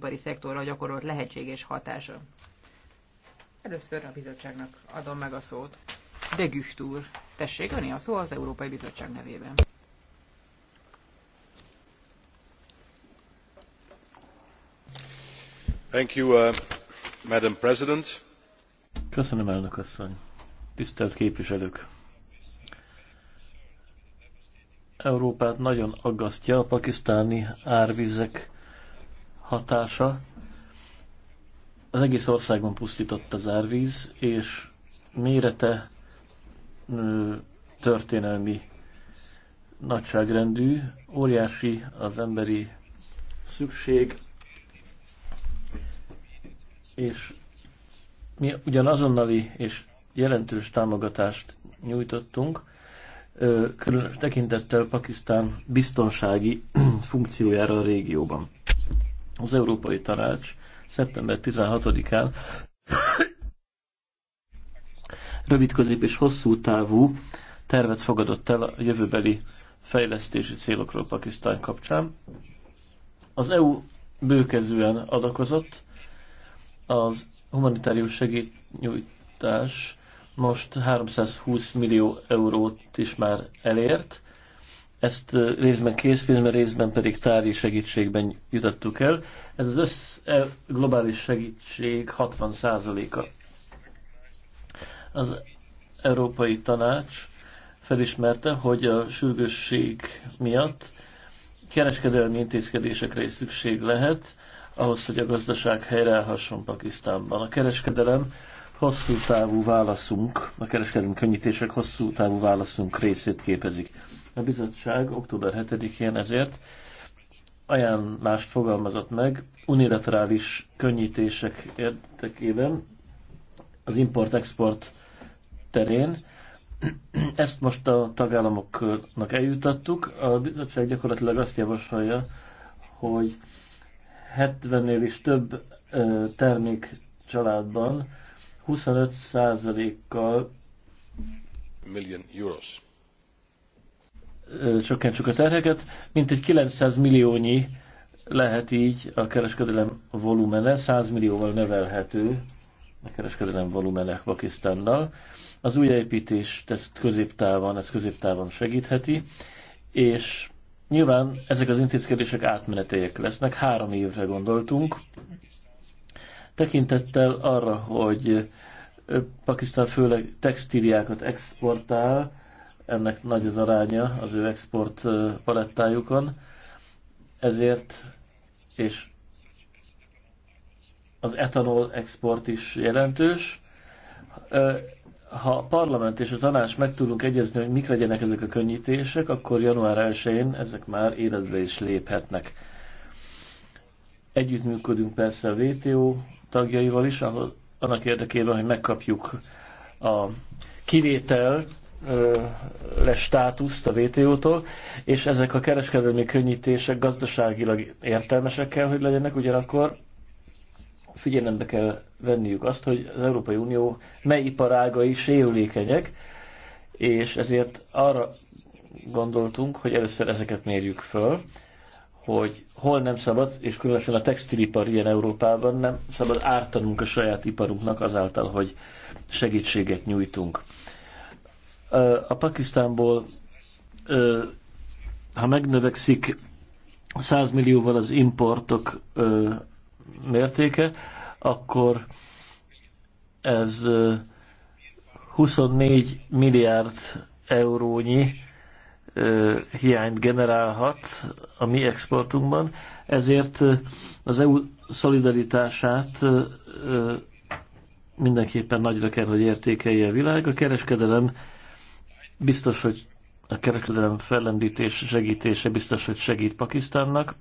ipari szektorra gyakorolt lehetséges hatása. Először a bizottságnak adom meg a szót. De Gücht tessék öné a szó az Európai Bizottság nevében. Thank you, uh, Madam President. Köszönöm, elnök asszony. Tisztelt képviselők! Európát nagyon aggasztja a pakisztáni árvizek hatása az egész országban pusztított az árvíz, és mérete történelmi nagyságrendű, óriási az emberi szükség, és mi ugyan azonnali és jelentős támogatást nyújtottunk, különös tekintettel Pakisztán biztonsági funkciójára a régióban. Az Európai Tanács szeptember 16-án rövid, közép és hosszú távú tervet fogadott el a jövőbeli fejlesztési célokról Pakisztán kapcsán. Az EU bőkezően adakozott, az humanitárius segítnyújtás most 320 millió eurót is már elért, ezt részben készpénzben, részben pedig tári segítségben jutottuk el. Ez az össz e, globális segítség 60%-a. Az Európai Tanács felismerte, hogy a sürgősség miatt kereskedelmi intézkedésekre is szükség lehet, ahhoz, hogy a gazdaság helyreállhasson Pakisztánban. A kereskedelem hosszú távú válaszunk, a kereskedelmi könnyítések hosszú távú válaszunk részét képezik. A bizottság október 7-én ezért ajánlást fogalmazott meg unilaterális könnyítések érdekében az import-export terén. Ezt most a tagállamoknak eljutattuk. A bizottság gyakorlatilag azt javasolja, hogy 70-nél is több termék családban 25%-kal million euros. csökkentsük a terheket, egy 900 milliónyi lehet így a kereskedelem volumene, 100 millióval növelhető a kereskedelem volumene Pakisztánnal. Az újjáépítés ezt középtávon, ez középtávon segítheti, és nyilván ezek az intézkedések átmenetejek lesznek, három évre gondoltunk, Tekintettel arra, hogy Pakisztán főleg textíliákat exportál, ennek nagy az aránya az ő export palettájukon, ezért és az etanol export is jelentős. Ha a parlament és a tanács meg tudunk egyezni, hogy mik legyenek ezek a könnyítések, akkor január 1-én ezek már életbe is léphetnek. Együttműködünk persze a WTO tagjaival is, ahol, annak érdekében, hogy megkapjuk a kivétel le státuszt a WTO-tól, és ezek a kereskedelmi könnyítések gazdaságilag értelmesek kell, hogy legyenek, ugyanakkor figyelembe kell venniük azt, hogy az Európai Unió mely iparágai sérülékenyek, és ezért arra gondoltunk, hogy először ezeket mérjük föl, hogy hol nem szabad, és különösen a textilipar ilyen Európában nem szabad ártanunk a saját iparunknak azáltal, hogy segítséget nyújtunk. A Pakisztánból, ha megnövekszik 100 millióval az importok mértéke, akkor ez 24 milliárd eurónyi hiányt generálhat a mi exportunkban, ezért az EU szolidaritását mindenképpen nagyra kell, hogy értékelje a világ. A kereskedelem biztos, hogy a kereskedelem fellendítés segítése biztos, hogy segít Pakisztánnak.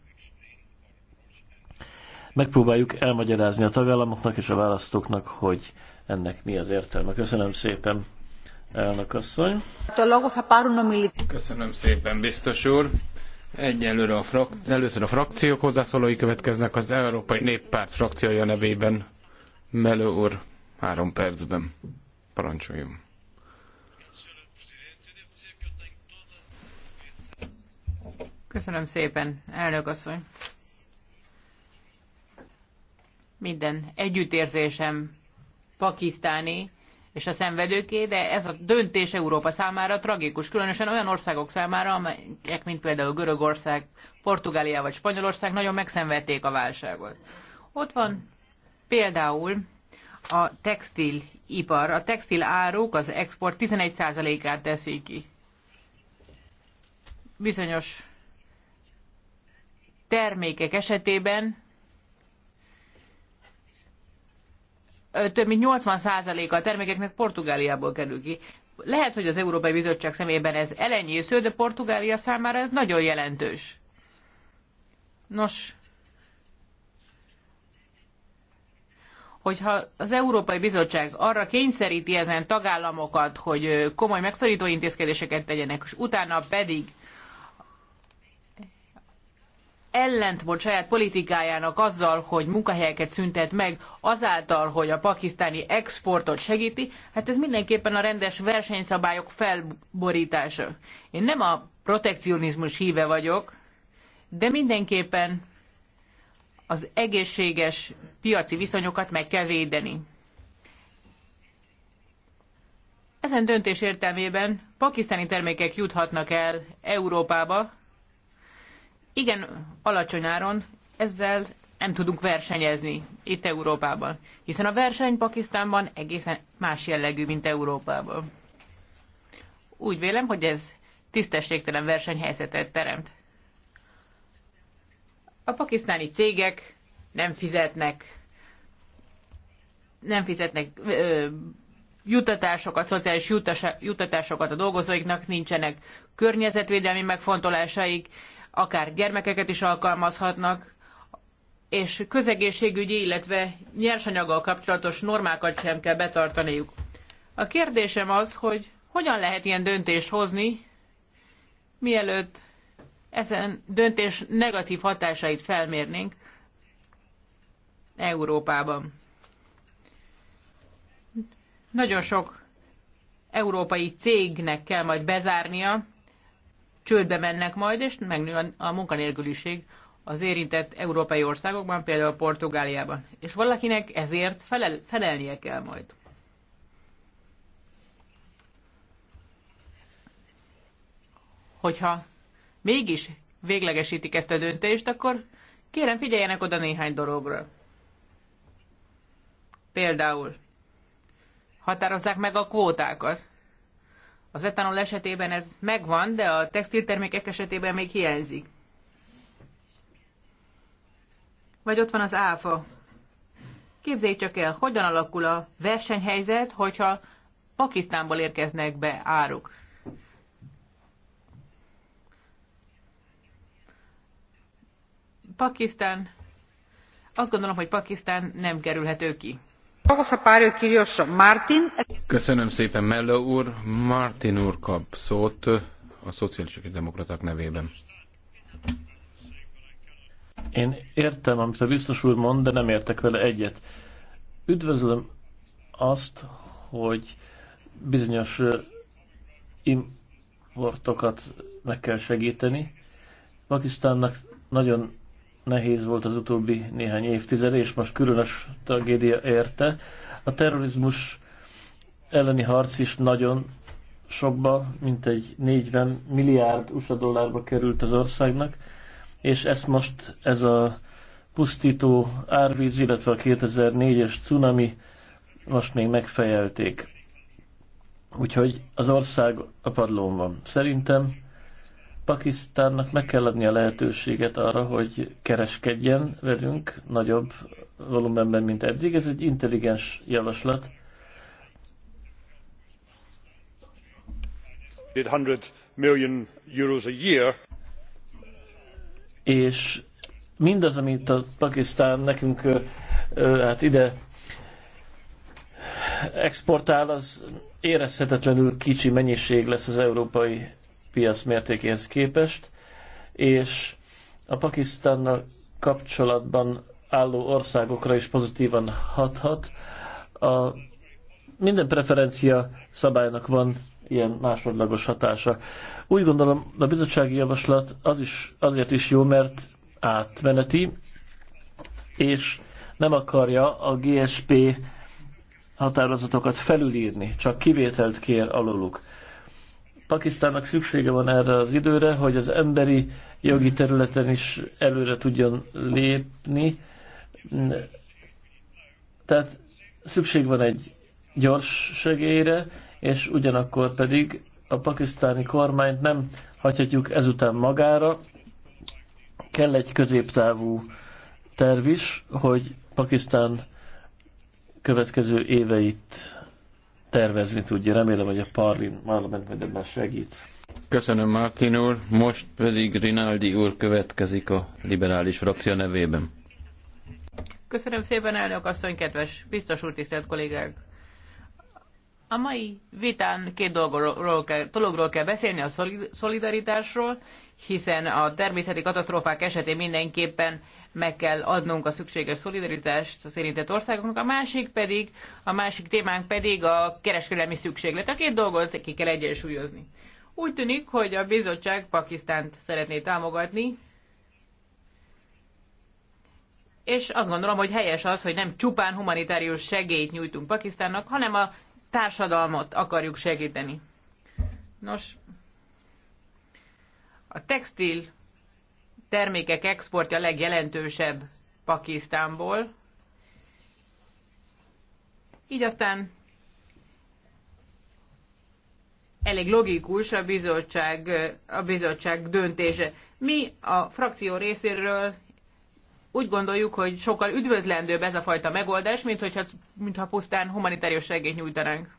Megpróbáljuk elmagyarázni a tagállamoknak és a választóknak, hogy ennek mi az értelme. Köszönöm szépen! elnök asszony. Köszönöm szépen, biztos úr. Egyelőre a frak... először a frakciók hozzászólói következnek az Európai Néppárt frakciója nevében. Melő úr, három percben. Parancsoljon. Köszönöm szépen, elnök asszony. Minden együttérzésem pakisztáni és a szenvedőké, de ez a döntés Európa számára tragikus, különösen olyan országok számára, amelyek, mint például Görögország, Portugália vagy Spanyolország nagyon megszenvedték a válságot. Ott van például a textilipar. A textil áruk az export 11%-át teszik ki. Bizonyos termékek esetében több mint 80%-a a termékeknek Portugáliából kerül ki. Lehet, hogy az Európai Bizottság szemében ez elenyésző, de Portugália számára ez nagyon jelentős. Nos, hogyha az Európai Bizottság arra kényszeríti ezen tagállamokat, hogy komoly megszorító intézkedéseket tegyenek, és utána pedig ellentmond saját politikájának azzal, hogy munkahelyeket szüntet meg, azáltal, hogy a pakisztáni exportot segíti, hát ez mindenképpen a rendes versenyszabályok felborítása. Én nem a protekcionizmus híve vagyok, de mindenképpen az egészséges piaci viszonyokat meg kell védeni. Ezen döntés értelmében pakisztáni termékek juthatnak el Európába, igen alacsony áron, ezzel nem tudunk versenyezni itt Európában, hiszen a verseny Pakisztánban egészen más jellegű, mint Európában. Úgy vélem, hogy ez tisztességtelen versenyhelyzetet teremt. A pakisztáni cégek nem fizetnek nem fizetnek ö, jutatásokat, szociális jutasa, jutatásokat a dolgozóiknak, nincsenek környezetvédelmi megfontolásaik, akár gyermekeket is alkalmazhatnak, és közegészségügyi, illetve nyersanyaggal kapcsolatos normákat sem kell betartaniuk. A kérdésem az, hogy hogyan lehet ilyen döntést hozni, mielőtt ezen döntés negatív hatásait felmérnénk Európában. Nagyon sok európai cégnek kell majd bezárnia, csődbe mennek majd, és megnő a, a munkanélküliség az érintett európai országokban, például Portugáliában. És valakinek ezért felel, felelnie kell majd. Hogyha mégis véglegesítik ezt a döntést, akkor kérem figyeljenek oda néhány dologra. Például határozzák meg a kvótákat. Az etanol esetében ez megvan, de a textiltermékek esetében még hiányzik. Vagy ott van az áfa. Képzelj csak el, hogyan alakul a versenyhelyzet, hogyha Pakisztánból érkeznek be áruk. Pakisztán, azt gondolom, hogy Pakisztán nem kerülhető ki. Mello úr. Martin úr kap szót a szociális demokraták nevében. Én értem, amit a biztos úr mond, de nem értek vele egyet. Üdvözlöm azt, hogy bizonyos importokat meg kell segíteni. Pakisztánnak nagyon nehéz volt az utóbbi néhány évtized, és most különös tragédia érte. A terrorizmus elleni harc is nagyon sokba, mint egy 40 milliárd USA dollárba került az országnak, és ezt most ez a pusztító árvíz, illetve a 2004-es cunami most még megfejelték. Úgyhogy az ország a padlón van. Szerintem Pakisztánnak meg kell adni a lehetőséget arra, hogy kereskedjen velünk nagyobb volumenben, mint eddig. Ez egy intelligens javaslat. million euros a year. És mindaz, amit a Pakisztán nekünk hát ide exportál, az érezhetetlenül kicsi mennyiség lesz az európai piac mértékéhez képest, és a Pakisztánnal kapcsolatban álló országokra is pozitívan hathat. A minden preferencia szabálynak van ilyen másodlagos hatása. Úgy gondolom, a bizottsági javaslat az is, azért is jó, mert átmeneti, és nem akarja a GSP határozatokat felülírni, csak kivételt kér aluluk. Pakisztánnak szüksége van erre az időre, hogy az emberi jogi területen is előre tudjon lépni. Tehát szükség van egy gyors segélyre, és ugyanakkor pedig a pakisztáni kormányt nem hagyhatjuk ezután magára. Kell egy középtávú terv is, hogy Pakisztán következő éveit tervezni tudja. Remélem, hogy a Parlin parlament majd ebben segít. Köszönöm, Martin úr. Most pedig Rinaldi úr következik a liberális frakció nevében. Köszönöm szépen, elnök asszony, kedves biztos úr, tisztelt kollégák! A mai vitán két dologról kell, dologról kell beszélni, a szolidaritásról, hiszen a természeti katasztrófák esetén mindenképpen meg kell adnunk a szükséges szolidaritást az érintett országoknak, a másik pedig, a másik témánk pedig a kereskedelmi szükséglet. A két dolgot ki kell egyensúlyozni. Úgy tűnik, hogy a bizottság Pakisztánt szeretné támogatni, és azt gondolom, hogy helyes az, hogy nem csupán humanitárius segélyt nyújtunk Pakisztánnak, hanem a társadalmat akarjuk segíteni. Nos, a textil termékek exportja legjelentősebb Pakisztánból. Így aztán elég logikus a bizottság, a bizottság döntése. Mi a frakció részéről úgy gondoljuk, hogy sokkal üdvözlendőbb ez a fajta megoldás, mint hogyha, mintha pusztán humanitárius segélyt nyújtanánk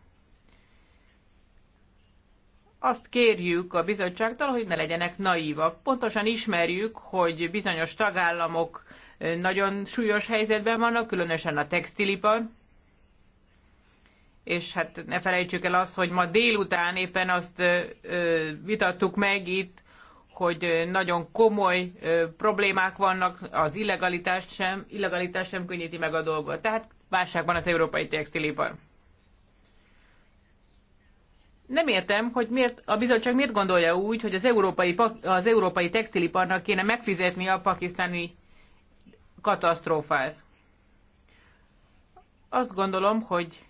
azt kérjük a bizottságtól, hogy ne legyenek naívak. Pontosan ismerjük, hogy bizonyos tagállamok nagyon súlyos helyzetben vannak, különösen a textilipar, és hát ne felejtsük el azt, hogy ma délután éppen azt vitattuk meg itt, hogy nagyon komoly problémák vannak, az illegalitást sem, illegalitást sem könnyíti meg a dolgot. Tehát válságban az európai textilipar nem értem, hogy miért, a bizottság miért gondolja úgy, hogy az európai, az európai textiliparnak kéne megfizetni a pakisztáni katasztrófát. Azt gondolom, hogy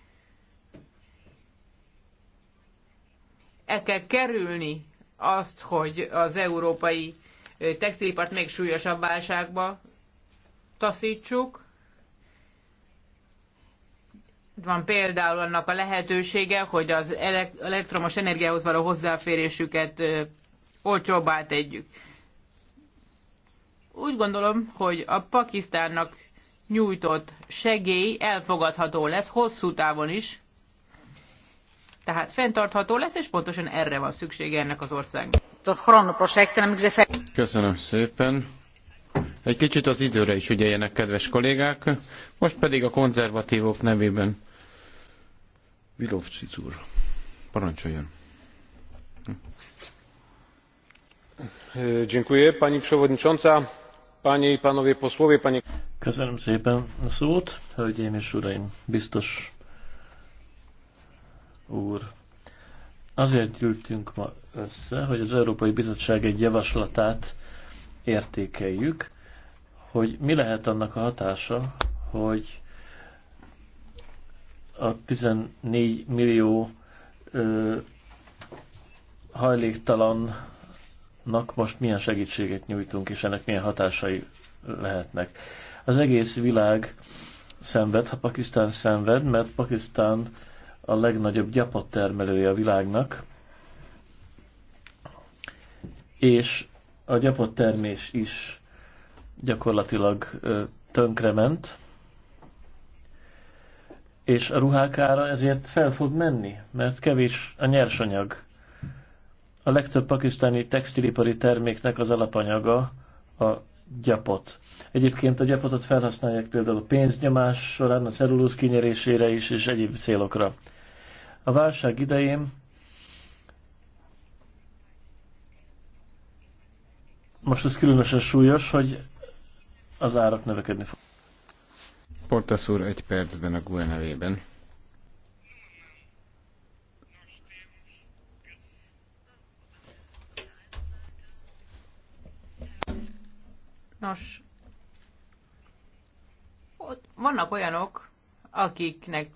el kell kerülni azt, hogy az európai textilipart még súlyosabb válságba taszítsuk. Itt van például annak a lehetősége, hogy az elektromos energiához való hozzáférésüket olcsóbbá tegyük. Úgy gondolom, hogy a Pakisztánnak nyújtott segély elfogadható lesz hosszú távon is, tehát fenntartható lesz, és pontosan erre van szüksége ennek az országnak. Köszönöm szépen. Egy kicsit az időre is ügyeljenek, kedves kollégák. Most pedig a konzervatívok nevében Vilovcsic úr, parancsoljon. Dziękuję, pani przewodnicząca, panie i panowie posłowie, panie... Köszönöm szépen a szót, hölgyeim és uraim, biztos úr. Azért gyűltünk ma össze, hogy az Európai Bizottság egy javaslatát értékeljük, hogy mi lehet annak a hatása, hogy a 14 millió ö, hajléktalannak most milyen segítséget nyújtunk, és ennek milyen hatásai lehetnek. Az egész világ szenved, ha Pakisztán szenved, mert Pakisztán a legnagyobb termelője a világnak, és a termés is gyakorlatilag tönkrement és a ruhák ára ezért fel fog menni, mert kevés a nyersanyag. A legtöbb pakisztáni textilipari terméknek az alapanyaga a gyapot. Egyébként a gyapotot felhasználják például a pénznyomás során, a cellulóz kinyerésére is, és egyéb célokra. A válság idején most ez különösen súlyos, hogy az árak növekedni fog. Portasz úr egy percben a GUE nevében. Nos, ott vannak olyanok, akiknek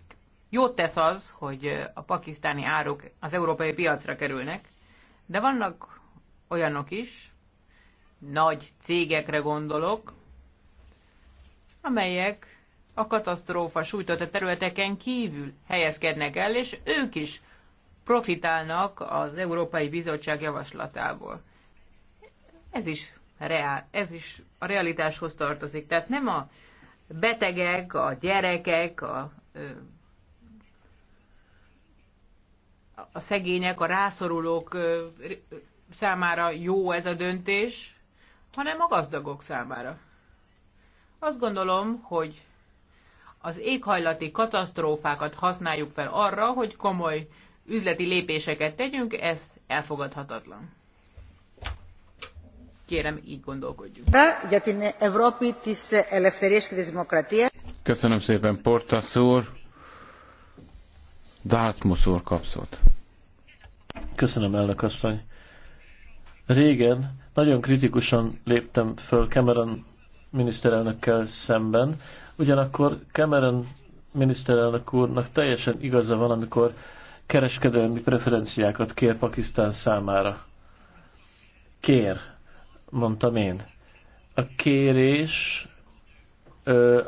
jót tesz az, hogy a pakisztáni áruk az európai piacra kerülnek, de vannak olyanok is, nagy cégekre gondolok, amelyek a katasztrófa a területeken kívül helyezkednek el, és ők is profitálnak az Európai Bizottság javaslatából. Ez is, reál, ez is a realitáshoz tartozik. Tehát nem a betegek, a gyerekek, a, a szegények, a rászorulók számára jó ez a döntés, hanem a gazdagok számára. Azt gondolom, hogy az éghajlati katasztrófákat használjuk fel arra, hogy komoly üzleti lépéseket tegyünk, ez elfogadhatatlan. Kérem, így gondolkodjunk. Köszönöm szépen, Portas úr. Dátmus úr kapszott. Köszönöm, elnök asszony. Régen nagyon kritikusan léptem föl Cameron miniszterelnökkel szemben, Ugyanakkor Cameron miniszterelnök úrnak teljesen igaza van, amikor kereskedelmi preferenciákat kér Pakisztán számára. Kér, mondtam én. A kérés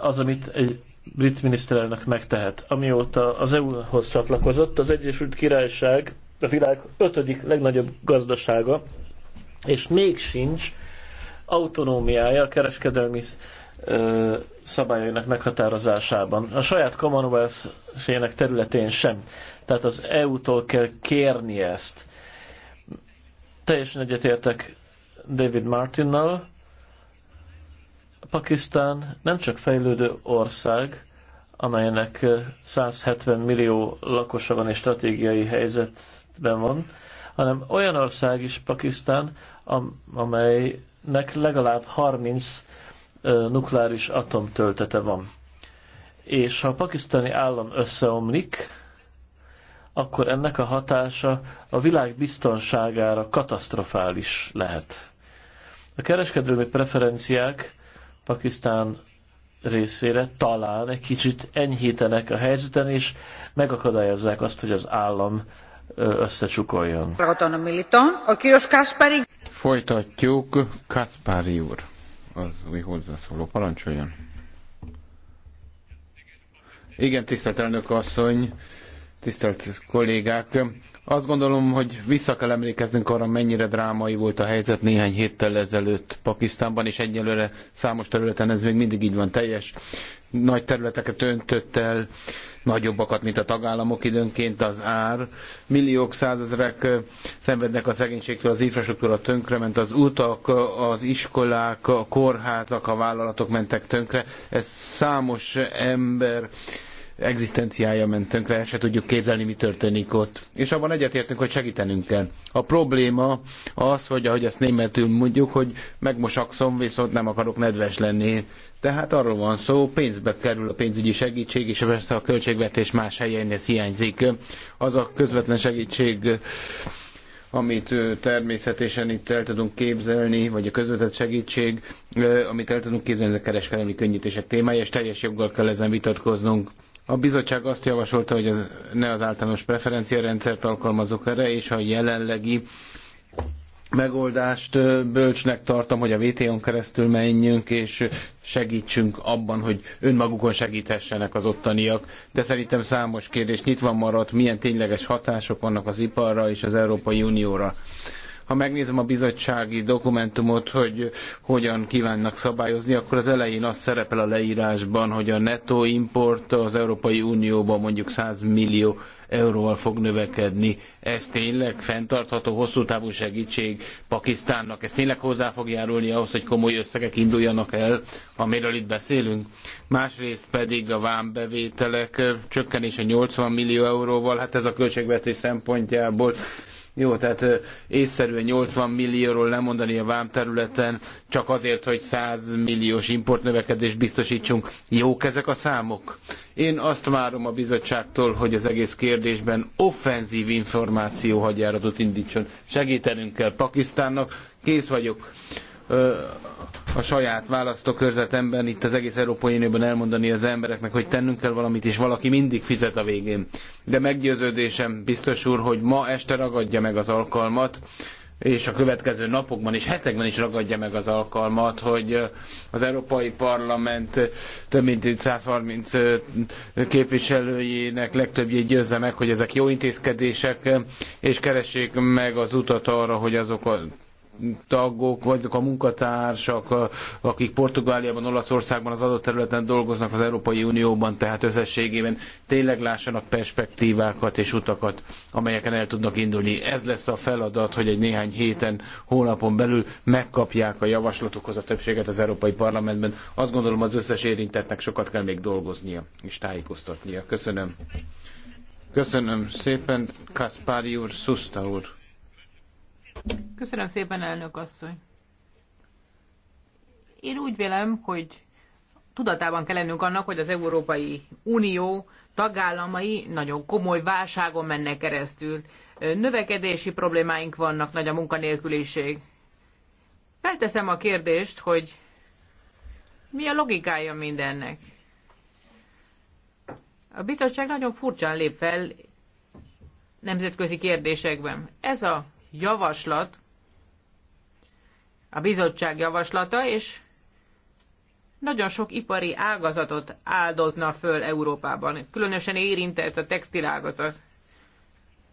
az, amit egy brit miniszterelnök megtehet. Amióta az EU-hoz csatlakozott, az Egyesült Királyság a világ ötödik legnagyobb gazdasága, és még sincs autonómiája a kereskedelmi ö, szabályainak meghatározásában. A saját commonwealth ének területén sem. Tehát az EU-tól kell kérni ezt. Teljesen egyetértek David Martinnal. Pakisztán nem csak fejlődő ország, amelynek 170 millió lakosa van és stratégiai helyzetben van, hanem olyan ország is Pakisztán, amelynek legalább 30 nukleáris atomtöltete van. És ha a pakisztáni állam összeomlik, akkor ennek a hatása a világ biztonságára katasztrofális lehet. A kereskedelmi preferenciák Pakisztán részére talán egy kicsit enyhítenek a helyzeten, és megakadályozzák azt, hogy az állam összecsukoljon. Folytatjuk, Kaspari úr az új hozzászóló. Parancsoljon! Igen, tisztelt elnök asszony! tisztelt kollégák! Azt gondolom, hogy vissza kell emlékeznünk arra, mennyire drámai volt a helyzet néhány héttel ezelőtt Pakisztánban, és egyelőre számos területen ez még mindig így van teljes. Nagy területeket öntött el, nagyobbakat, mint a tagállamok időnként az ár. Milliók, százezrek szenvednek a szegénységtől, az infrastruktúra tönkrement, az utak, az iskolák, a kórházak, a vállalatok mentek tönkre. Ez számos ember egzisztenciája ment tönkre, el se tudjuk képzelni, mi történik ott. És abban egyetértünk, hogy segítenünk kell. A probléma az, hogy ahogy ezt németül mondjuk, hogy megmosakszom, viszont nem akarok nedves lenni. Tehát arról van szó, pénzbe kerül a pénzügyi segítség, és persze a költségvetés más helyein ez hiányzik. Az a közvetlen segítség, amit természetesen itt el tudunk képzelni, vagy a közvetett segítség, amit el tudunk képzelni, ez a kereskedelmi könnyítések témája, és teljes joggal kell ezen vitatkoznunk. A bizottság azt javasolta, hogy az, ne az általános preferenciarendszert alkalmazok erre, és a jelenlegi megoldást bölcsnek tartom, hogy a VTO-n keresztül menjünk, és segítsünk abban, hogy önmagukon segíthessenek az ottaniak. De szerintem számos kérdés nyitva maradt, milyen tényleges hatások vannak az iparra és az Európai Unióra. Ha megnézem a bizottsági dokumentumot, hogy hogyan kívánnak szabályozni, akkor az elején az szerepel a leírásban, hogy a netto import az Európai Unióban mondjuk 100 millió euróval fog növekedni. Ez tényleg fenntartható, hosszú távú segítség Pakisztánnak. Ez tényleg hozzá fog járulni ahhoz, hogy komoly összegek induljanak el, amiről itt beszélünk. Másrészt pedig a vámbevételek csökkenése 80 millió euróval, hát ez a költségvetés szempontjából jó, tehát észszerűen 80 millióról lemondani a vámterületen, csak azért, hogy 100 milliós importnövekedést biztosítsunk. Jók ezek a számok? Én azt várom a bizottságtól, hogy az egész kérdésben offenzív információ hagyjáratot indítson. Segítenünk kell Pakisztánnak, kész vagyok a saját választókörzetemben, itt az egész Európai Unióban elmondani az embereknek, hogy tennünk kell valamit, és valaki mindig fizet a végén. De meggyőződésem, biztos úr, hogy ma este ragadja meg az alkalmat, és a következő napokban és hetekben is ragadja meg az alkalmat, hogy az Európai Parlament több mint 130 képviselőjének legtöbbjét győzze meg, hogy ezek jó intézkedések, és keressék meg az utat arra, hogy azokat tagok, vagy a munkatársak, akik Portugáliában, Olaszországban, az adott területen dolgoznak az Európai Unióban, tehát összességében tényleg lássanak perspektívákat és utakat, amelyeken el tudnak indulni. Ez lesz a feladat, hogy egy néhány héten, hónapon belül megkapják a javaslatokhoz a többséget az Európai Parlamentben. Azt gondolom az összes érintettnek sokat kell még dolgoznia és tájékoztatnia. Köszönöm. Köszönöm szépen, Kaspari úr, Szuszta úr. Köszönöm szépen, elnök asszony. Én úgy vélem, hogy tudatában kell lennünk annak, hogy az Európai Unió tagállamai nagyon komoly válságon mennek keresztül. Növekedési problémáink vannak, nagy a munkanélküliség. Felteszem a kérdést, hogy mi a logikája mindennek? A bizottság nagyon furcsán lép fel nemzetközi kérdésekben. Ez a javaslat, a bizottság javaslata, és nagyon sok ipari ágazatot áldozna föl Európában. Különösen érintett a ágazat.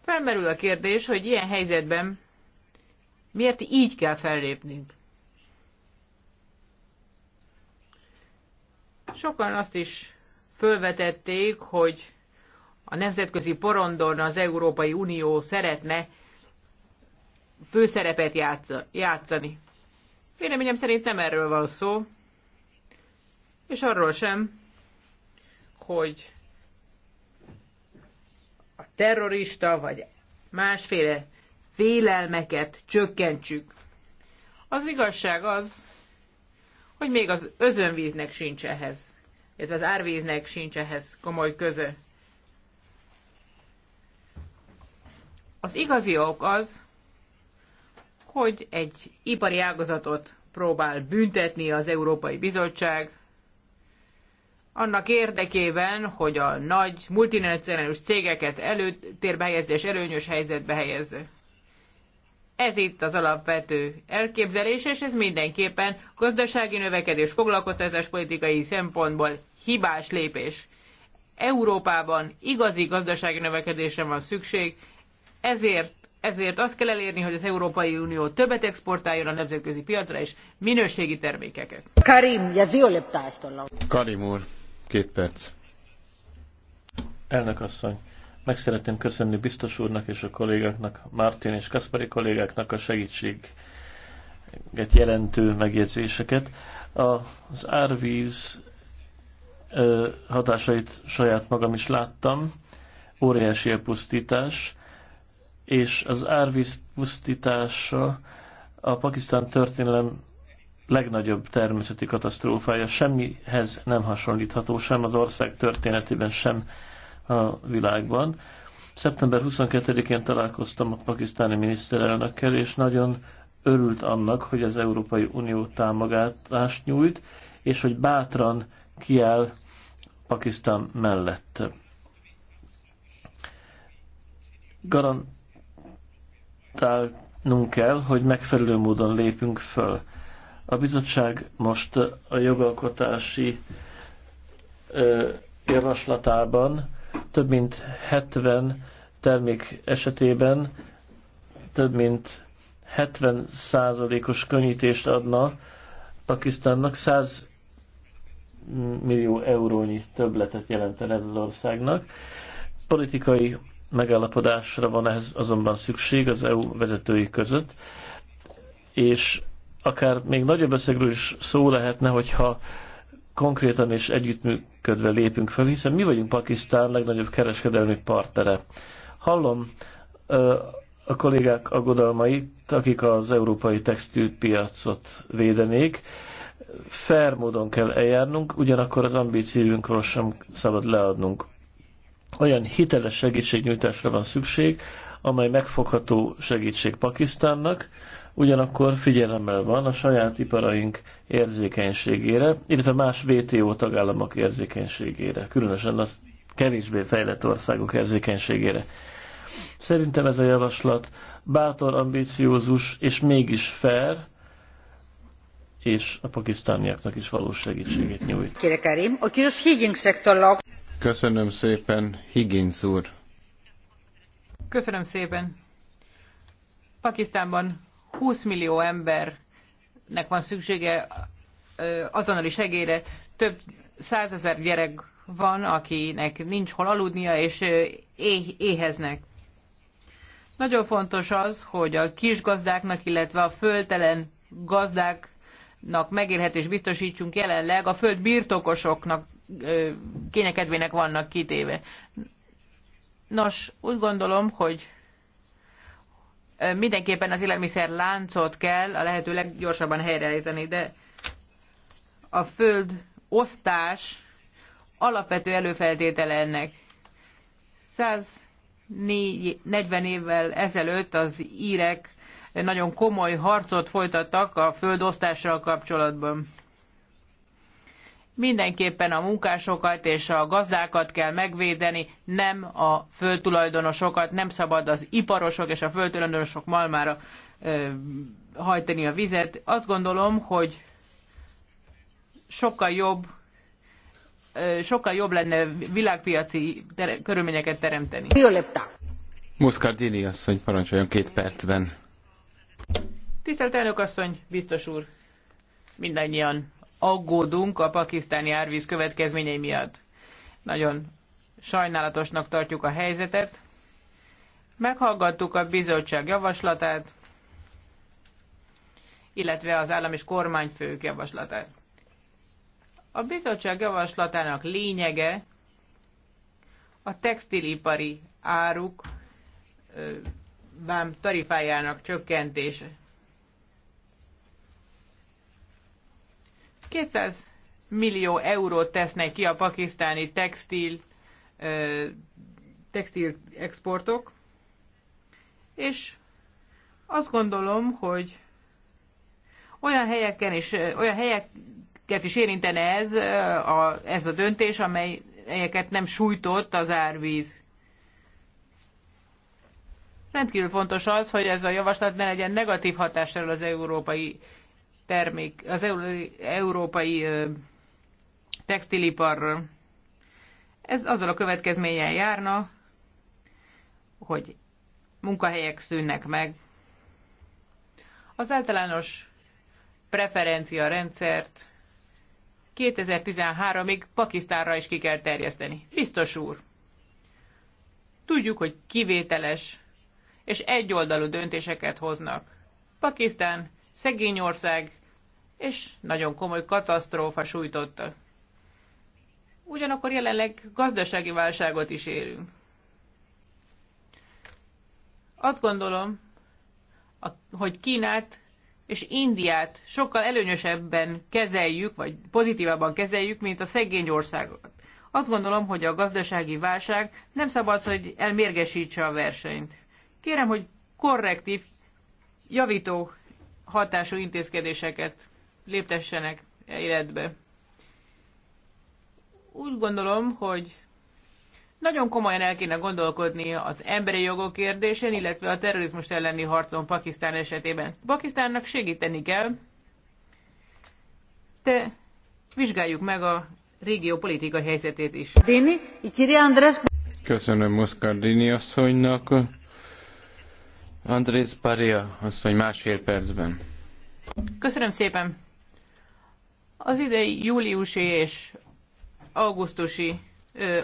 Felmerül a kérdés, hogy ilyen helyzetben miért így kell fellépnünk. Sokan azt is fölvetették, hogy a nemzetközi porondon az Európai Unió szeretne főszerepet játszani. Véleményem szerint nem erről van szó, és arról sem, hogy a terrorista vagy másféle félelmeket csökkentsük. Az igazság az, hogy még az özönvíznek sincs ehhez, illetve az árvíznek sincs ehhez komoly köze. Az igazi ok az, hogy egy ipari ágazatot próbál büntetni az Európai Bizottság, annak érdekében, hogy a nagy multinacionális cégeket előtérbe helyezze és előnyös helyzetbe helyezze. Ez itt az alapvető elképzelés, és ez mindenképpen gazdasági növekedés, foglalkoztatás politikai szempontból hibás lépés. Európában igazi gazdasági növekedésre van szükség, ezért ezért azt kell elérni, hogy az Európai Unió többet exportáljon a nemzetközi piacra, és minőségi termékeket. Karim, ja Karim úr, két perc. Elnök asszony, meg szeretném köszönni biztos úrnak és a kollégáknak, Mártin és Kaspari kollégáknak a segítséget jelentő megjegyzéseket. Az árvíz hatásait saját magam is láttam, óriási elpusztítás, és az árvíz pusztítása a Pakisztán történelem legnagyobb természeti katasztrófája. Semmihez nem hasonlítható, sem az ország történetében, sem a világban. Szeptember 22-én találkoztam a pakisztáni miniszterelnökkel, és nagyon örült annak, hogy az Európai Unió támogatást nyújt, és hogy bátran kiáll Pakisztán mellett. Garant garantálnunk kell, hogy megfelelő módon lépünk föl. A bizottság most a jogalkotási javaslatában több mint 70 termék esetében több mint 70 százalékos könnyítést adna Pakisztánnak, 100 millió eurónyi többletet jelenten ez az országnak. Politikai megállapodásra van ehhez azonban szükség az EU vezetői között, és akár még nagyobb összegről is szó lehetne, hogyha konkrétan és együttműködve lépünk fel, hiszen mi vagyunk Pakisztán legnagyobb kereskedelmi partnere. Hallom a kollégák aggodalmait, akik az európai textilpiacot védenék. Fair módon kell eljárnunk, ugyanakkor az ambícióinkról sem szabad leadnunk olyan hiteles segítségnyújtásra van szükség, amely megfogható segítség Pakisztánnak, ugyanakkor figyelemmel van a saját iparaink érzékenységére, illetve más WTO tagállamok érzékenységére, különösen a kevésbé fejlett országok érzékenységére. Szerintem ez a javaslat bátor, ambiciózus és mégis fair, és a pakisztániaknak is valós segítséget nyújt. Kérek Karim, a kíros Higgins Köszönöm szépen, Higgins úr. Köszönöm szépen. Pakisztánban 20 millió embernek van szüksége azonnali segélyre. Több százezer gyerek van, akinek nincs hol aludnia, és éheznek. Nagyon fontos az, hogy a kis gazdáknak, illetve a földtelen gazdáknak megélhetést biztosítsunk jelenleg, a föld birtokosoknak kényekedvének vannak kitéve. Nos, úgy gondolom, hogy mindenképpen az élelmiszer láncot kell a lehető leggyorsabban helyreállítani, de a föld osztás alapvető előfeltétele ennek. 140 évvel ezelőtt az írek nagyon komoly harcot folytattak a földosztással kapcsolatban. Mindenképpen a munkásokat és a gazdákat kell megvédeni, nem a földtulajdonosokat, nem szabad az iparosok és a földtulajdonosok malmára ö, hajtani a vizet. Azt gondolom, hogy sokkal jobb sokkal jobb lenne világpiaci ter- körülményeket teremteni. Muscardini asszony, parancsoljon két percben. Tisztelt elnök asszony, biztos úr, mindannyian aggódunk a pakisztáni árvíz következményei miatt. Nagyon sajnálatosnak tartjuk a helyzetet. Meghallgattuk a bizottság javaslatát, illetve az állam és kormányfők javaslatát. A bizottság javaslatának lényege a textilipari áruk vám tarifájának csökkentése. 200 millió eurót tesznek ki a pakisztáni textil, textil exportok, és azt gondolom, hogy olyan helyeken is, olyan helyeket is érintene ez a, ez a döntés, amelyeket nem sújtott az árvíz. Rendkívül fontos az, hogy ez a javaslat ne legyen negatív hatással az európai termék, az európai textilipar Ez azzal a következménnyel járna, hogy munkahelyek szűnnek meg. Az általános preferencia rendszert 2013-ig Pakisztánra is ki kell terjeszteni. Biztos úr. Tudjuk, hogy kivételes és egyoldalú döntéseket hoznak. Pakisztán szegény ország, és nagyon komoly katasztrófa sújtotta. Ugyanakkor jelenleg gazdasági válságot is élünk. Azt gondolom, hogy Kínát és Indiát sokkal előnyösebben kezeljük, vagy pozitívabban kezeljük, mint a szegény országokat. Azt gondolom, hogy a gazdasági válság nem szabad, hogy elmérgesítse a versenyt. Kérem, hogy korrektív, javító hatású intézkedéseket léptessenek életbe. Úgy gondolom, hogy nagyon komolyan el kéne gondolkodni az emberi jogok kérdésén, illetve a terrorizmus elleni harcon Pakisztán esetében. Pakisztánnak segíteni kell, de vizsgáljuk meg a régió politikai helyzetét is. Köszönöm Muscardini asszonynak. Andrész Paria, azt mondja másfél percben. Köszönöm szépen. Az idei júliusi és augusztusi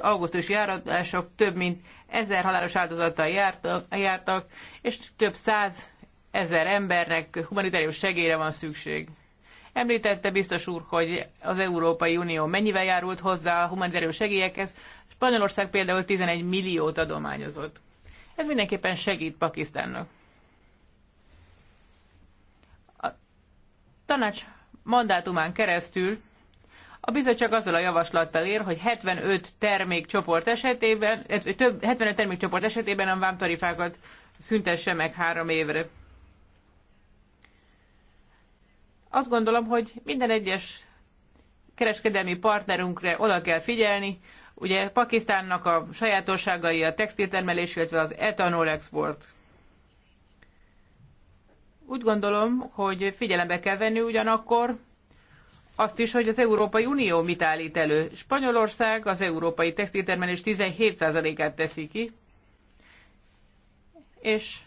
augusztusi járatások több mint ezer halálos áldozattal jártak, jártak, és több száz ezer embernek humanitárius segélyre van szükség. Említette biztos úr, hogy az Európai Unió mennyivel járult hozzá a humanitárius segélyekhez, Spanyolország például 11 milliót adományozott. Ez mindenképpen segít Pakisztánnak. A tanács mandátumán keresztül a bizottság azzal a javaslattal ér, hogy 75 termékcsoport esetében, több, 75 termékcsoport esetében a vámtarifákat szüntesse meg három évre. Azt gondolom, hogy minden egyes kereskedelmi partnerünkre oda kell figyelni, Ugye Pakisztánnak a sajátosságai a textiltermelés, illetve az etanol export. Úgy gondolom, hogy figyelembe kell venni ugyanakkor azt is, hogy az Európai Unió mit állít elő. Spanyolország az európai textiltermelés 17%-át teszi ki, és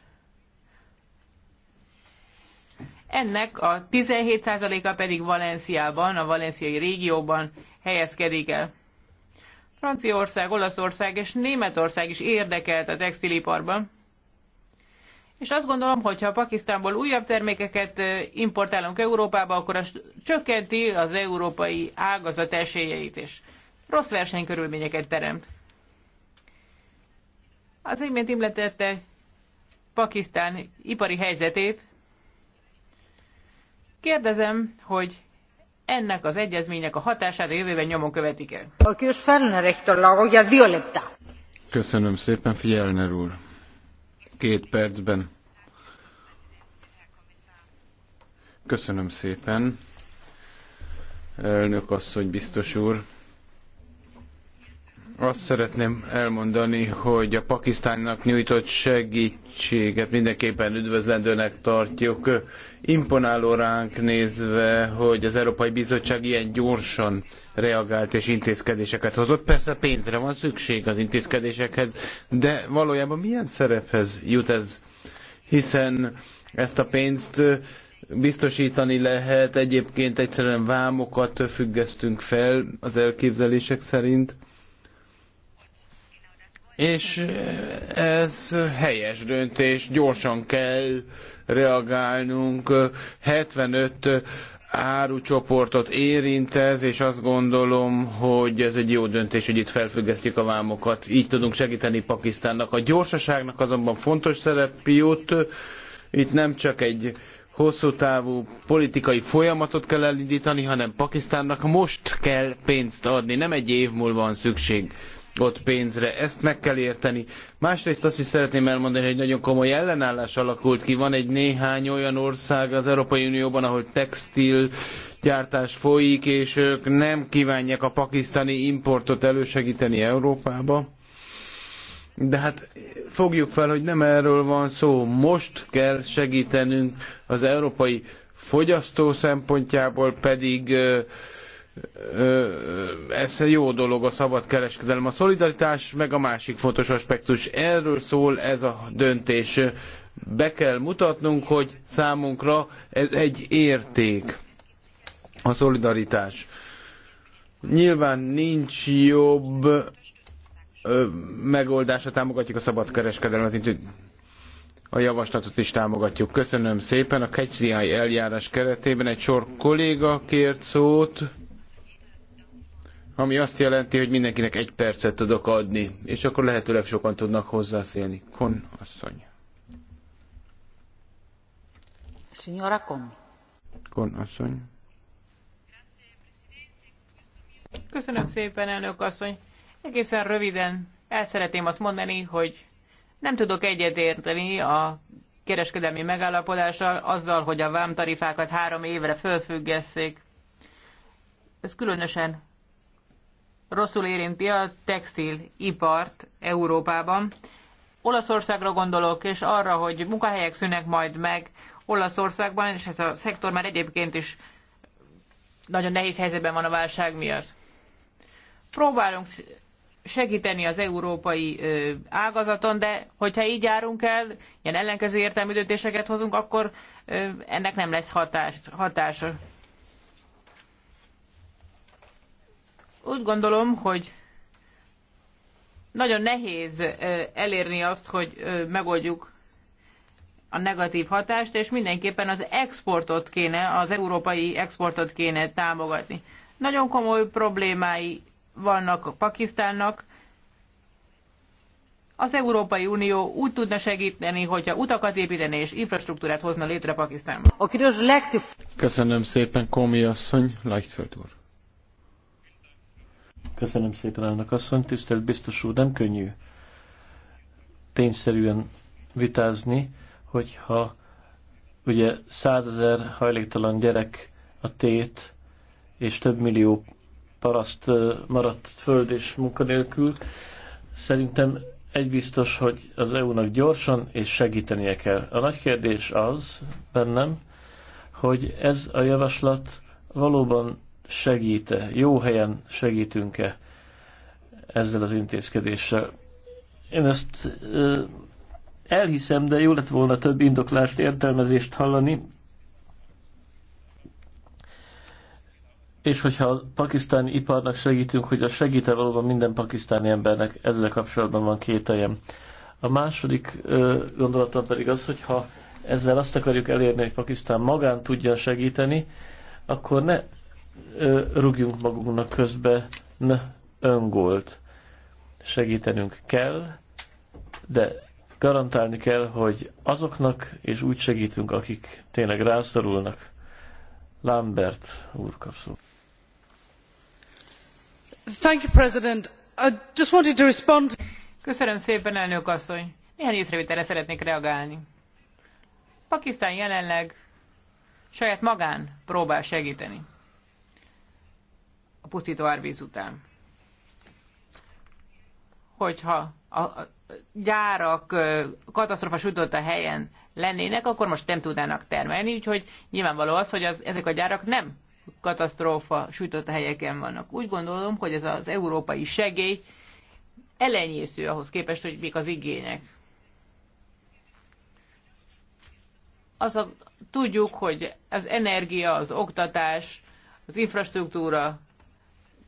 ennek a 17%-a pedig Valenciában, a valenciai régióban helyezkedik el. Franciaország, Olaszország és Németország is érdekelt a textiliparban. És azt gondolom, hogy ha Pakisztánból újabb termékeket importálunk Európába, akkor az csökkenti az európai ágazat esélyeit és Rossz versenykörülményeket teremt. Az imént imletette Pakisztán ipari helyzetét. Kérdezem, hogy ennek az egyezménynek a hatását a jövőben nyomon követik el. Köszönöm szépen, Fielner úr. Két percben. Köszönöm szépen. Elnök asszony, biztos úr. Azt szeretném elmondani, hogy a Pakisztánnak nyújtott segítséget mindenképpen üdvözlendőnek tartjuk. Imponáló ránk nézve, hogy az Európai Bizottság ilyen gyorsan reagált és intézkedéseket hozott. Persze pénzre van szükség az intézkedésekhez, de valójában milyen szerephez jut ez? Hiszen ezt a pénzt biztosítani lehet, egyébként egyszerűen vámokat függesztünk fel az elképzelések szerint és ez helyes döntés, gyorsan kell reagálnunk. 75 árucsoportot érint ez, és azt gondolom, hogy ez egy jó döntés, hogy itt felfüggesztjük a vámokat. Így tudunk segíteni Pakisztánnak. A gyorsaságnak azonban fontos szerep jut. Itt nem csak egy hosszú távú politikai folyamatot kell elindítani, hanem Pakisztánnak most kell pénzt adni, nem egy év múlva van szükség ott pénzre. Ezt meg kell érteni. Másrészt azt is szeretném elmondani, hogy nagyon komoly ellenállás alakult ki. Van egy néhány olyan ország az Európai Unióban, ahol textil gyártás folyik, és ők nem kívánják a pakisztáni importot elősegíteni Európába. De hát fogjuk fel, hogy nem erről van szó. Most kell segítenünk az európai fogyasztó szempontjából pedig ez egy jó dolog a szabad kereskedelem. A szolidaritás meg a másik fontos aspektus. Erről szól ez a döntés. Be kell mutatnunk, hogy számunkra ez egy érték, a szolidaritás. Nyilván nincs jobb ö, megoldása, támogatjuk a szabad kereskedelmet, mint a javaslatot is támogatjuk. Köszönöm szépen. A KCI eljárás keretében egy sor kolléga kért szót ami azt jelenti, hogy mindenkinek egy percet tudok adni, és akkor lehetőleg sokan tudnak hozzászélni. Kon asszony. Signora Kon. Kon asszony. Köszönöm szépen, elnök asszony. Egészen röviden el szeretném azt mondani, hogy nem tudok egyetérteni a kereskedelmi megállapodással azzal, hogy a vámtarifákat három évre fölfüggesszék. Ez különösen rosszul érinti a textilipart Európában. Olaszországra gondolok, és arra, hogy munkahelyek szűnek majd meg Olaszországban, és ez a szektor már egyébként is nagyon nehéz helyzetben van a válság miatt. Próbálunk segíteni az európai ö, ágazaton, de hogyha így járunk el, ilyen ellenkező értelmű döntéseket hozunk, akkor ö, ennek nem lesz hatás, hatása. Úgy gondolom, hogy nagyon nehéz elérni azt, hogy megoldjuk a negatív hatást, és mindenképpen az exportot kéne, az európai exportot kéne támogatni. Nagyon komoly problémái vannak a Pakisztánnak. Az Európai Unió úgy tudna segíteni, hogyha utakat építeni és infrastruktúrát hozna létre Pakisztánba. Köszönöm szépen, Komi asszony, Leichtfeld úr. Köszönöm szépen, elnök asszony. Tisztelt biztos úr, nem könnyű tényszerűen vitázni, hogyha ugye százezer hajléktalan gyerek a tét, és több millió paraszt maradt föld és munkanélkül. Szerintem egy biztos, hogy az EU-nak gyorsan és segítenie kell. A nagy kérdés az bennem, hogy ez a javaslat valóban segíte, jó helyen segítünk-e ezzel az intézkedéssel. Én ezt elhiszem, de jó lett volna több indoklást, értelmezést hallani. És hogyha a pakisztáni iparnak segítünk, hogy a segíte valóban minden pakisztáni embernek, ezzel kapcsolatban van kételjem. A második gondolatom pedig az, hogy ha ezzel azt akarjuk elérni, hogy Pakisztán magán tudja segíteni, akkor ne rúgjunk magunknak közbe öngolt. Segítenünk kell, de garantálni kell, hogy azoknak, és úgy segítünk, akik tényleg rászorulnak. Lambert úr kapszul. Thank you, President. I just wanted to respond. Köszönöm szépen, elnök asszony. Néhány észrevételre szeretnék reagálni. Pakisztán jelenleg saját magán próbál segíteni a pusztító árvíz után. Hogyha a gyárak katasztrofa sütött a helyen lennének, akkor most nem tudnának termelni, úgyhogy nyilvánvaló az, hogy az, ezek a gyárak nem katasztrófa sütött a helyeken vannak. Úgy gondolom, hogy ez az európai segély elenyésző ahhoz képest, hogy mik az igények. Azt tudjuk, hogy az energia, az oktatás, az infrastruktúra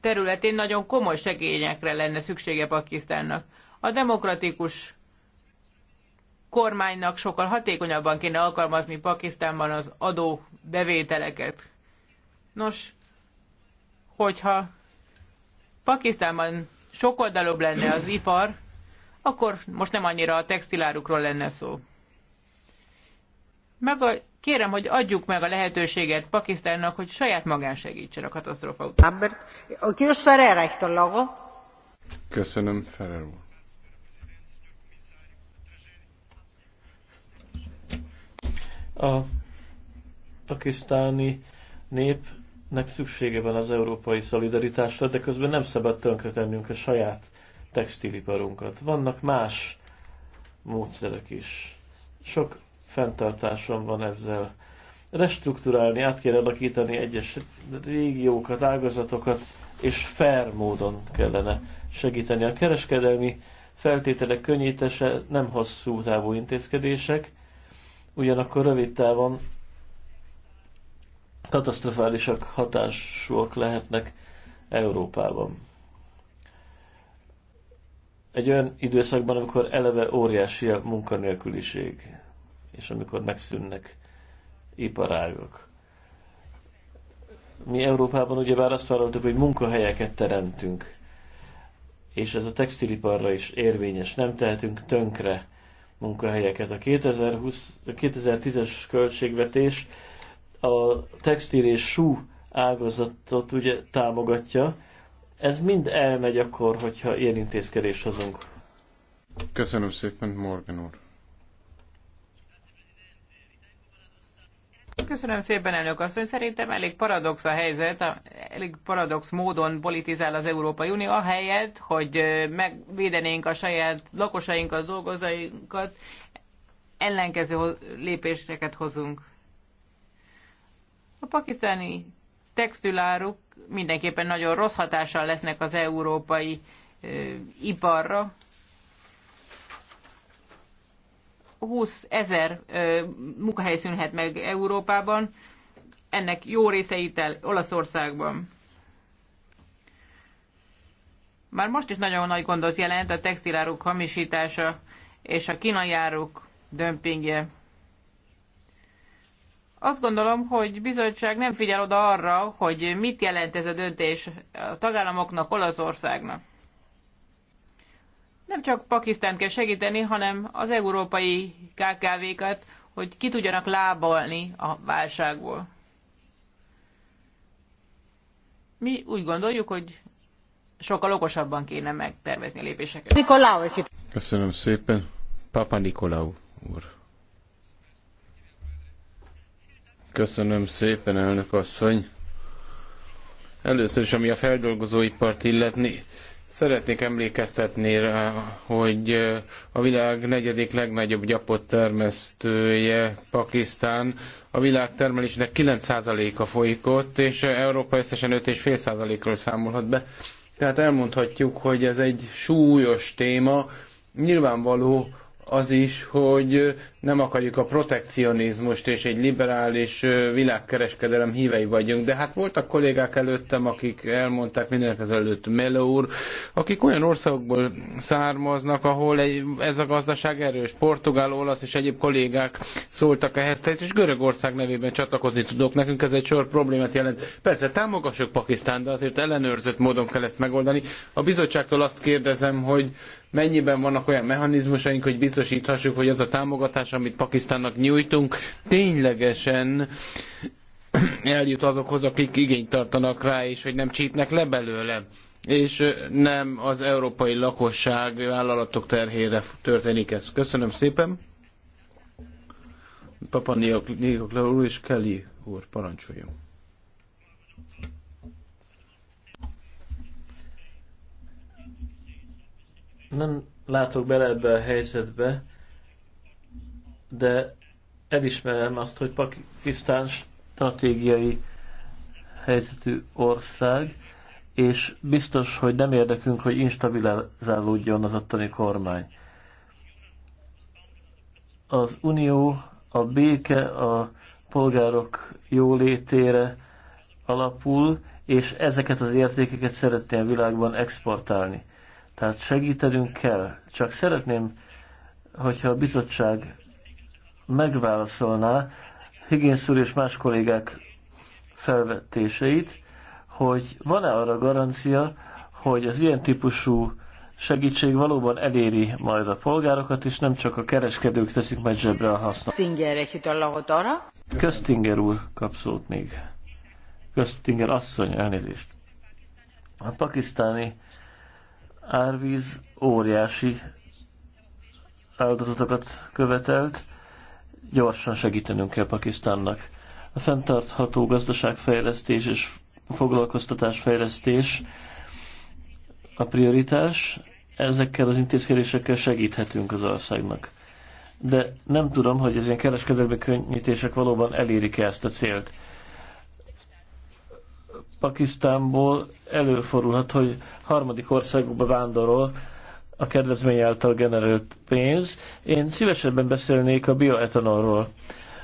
területén nagyon komoly segényekre lenne szüksége Pakisztánnak. A demokratikus kormánynak sokkal hatékonyabban kéne alkalmazni Pakisztánban az adó bevételeket. Nos, hogyha Pakisztánban sokoldalúbb lenne az ipar, akkor most nem annyira a textilárukról lenne szó. Meg a Kérem, hogy adjuk meg a lehetőséget Pakisztánnak, hogy saját magán segítsen a katasztrófa után. Köszönöm, Ferrer úr. A pakisztáni népnek szüksége van az európai szolidaritásra, de közben nem szabad tönkretennünk a saját textiliparunkat. Vannak más módszerek is. Sok fenntartásom van ezzel. Restrukturálni, át kell alakítani egyes régiókat, ágazatokat, és fair módon kellene segíteni. A kereskedelmi feltételek könnyítése nem hosszú távú intézkedések, ugyanakkor rövid távon katasztrofálisak hatásúak lehetnek Európában. Egy olyan időszakban, amikor eleve óriási a munkanélküliség és amikor megszűnnek iparágok. Mi Európában ugyebár azt vállaltuk, hogy munkahelyeket teremtünk, és ez a textiliparra is érvényes. Nem tehetünk tönkre munkahelyeket. A 2020, 2010-es költségvetés a textil és sú ágazatot ugye támogatja. Ez mind elmegy akkor, hogyha ilyen intézkedést hozunk. Köszönöm szépen, Morgan úr. Köszönöm szépen, elnök asszony. Szerintem elég paradox a helyzet, elég paradox módon politizál az Európai Unió, ahelyett, hogy megvédenénk a saját lakosainkat, dolgozainkat, ellenkező lépéseket hozunk. A pakisztáni textiláruk mindenképpen nagyon rossz hatással lesznek az európai ö, iparra, 20 ezer munkahely szűnhet meg Európában, ennek jó része itt Olaszországban. Már most is nagyon nagy gondot jelent a textiláruk hamisítása és a kínai áruk dömpingje. Azt gondolom, hogy bizottság nem figyel oda arra, hogy mit jelent ez a döntés a tagállamoknak, Olaszországnak nem csak Pakisztánt kell segíteni, hanem az európai KKV-kat, hogy ki tudjanak lábalni a válságból. Mi úgy gondoljuk, hogy sokkal okosabban kéne megtervezni a lépéseket. Nikolau. Köszönöm szépen. Papa Nikolau úr. Köszönöm szépen, elnök asszony. Először is, ami a feldolgozóipart illetni, Szeretnék emlékeztetni rá, hogy a világ negyedik legnagyobb gyapot termesztője Pakisztán. A világ termelésének 9%-a folyik ott, és Európa összesen 5,5%-ról számolhat be. Tehát elmondhatjuk, hogy ez egy súlyos téma. Nyilvánvaló, az is, hogy nem akarjuk a protekcionizmust és egy liberális világkereskedelem hívei vagyunk. De hát voltak kollégák előttem, akik elmondták mindenek előtt Melo úr, akik olyan országokból származnak, ahol ez a gazdaság erős. Portugál, olasz és egyéb kollégák szóltak ehhez, tehát és Görögország nevében csatlakozni tudok. Nekünk ez egy sor problémát jelent. Persze támogassuk Pakisztán, de azért ellenőrzött módon kell ezt megoldani. A bizottságtól azt kérdezem, hogy mennyiben vannak olyan mechanizmusaink, hogy biztosíthassuk, hogy az a támogatás, amit Pakisztánnak nyújtunk, ténylegesen eljut azokhoz, akik igényt tartanak rá, és hogy nem csípnek le belőle és nem az európai lakosság vállalatok terhére történik ez. Köszönöm szépen. Papa Nikok úr és Kelly úr, parancsoljon. nem látok bele ebbe a helyzetbe, de elismerem azt, hogy Pakisztán stratégiai helyzetű ország, és biztos, hogy nem érdekünk, hogy instabilizálódjon az ottani kormány. Az Unió a béke a polgárok jólétére alapul, és ezeket az értékeket szeretné a világban exportálni. Tehát segítenünk kell. Csak szeretném, hogyha a bizottság megválaszolná Higgins úr és más kollégák felvetéseit, hogy van-e arra garancia, hogy az ilyen típusú segítség valóban eléri majd a polgárokat, és nem csak a kereskedők teszik majd zsebre a hasznot. Köztinger úr kap szót még. Köztinger asszony, elnézést. A pakisztáni árvíz óriási áldozatokat követelt, gyorsan segítenünk kell Pakisztánnak. A fenntartható gazdaságfejlesztés és foglalkoztatásfejlesztés a prioritás, ezekkel az intézkedésekkel segíthetünk az országnak. De nem tudom, hogy az ilyen kereskedelmi könnyítések valóban elérik-e ezt a célt. Pakisztánból előfordulhat, hogy harmadik országokba vándorol a kedvezmény által generált pénz. Én szívesebben beszélnék a bioetanolról.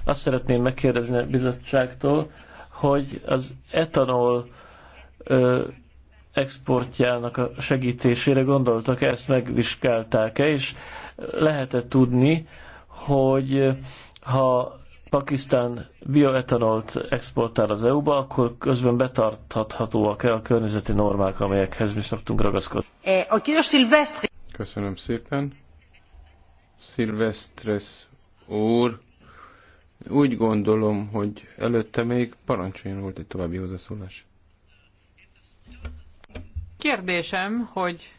Azt szeretném megkérdezni a bizottságtól, hogy az etanol ö, exportjának a segítésére gondoltak, -e, ezt megvizsgálták-e, és lehetett tudni, hogy ha Pakisztán bioetanolt exportál az EU-ba, akkor közben betarthatóak-e a környezeti normák, amelyekhez mi szoktunk ragaszkodni? Eh, Köszönöm szépen. Szilvesztres úr, úgy gondolom, hogy előtte még parancsoljon volt egy további hozzászólás. Kérdésem, hogy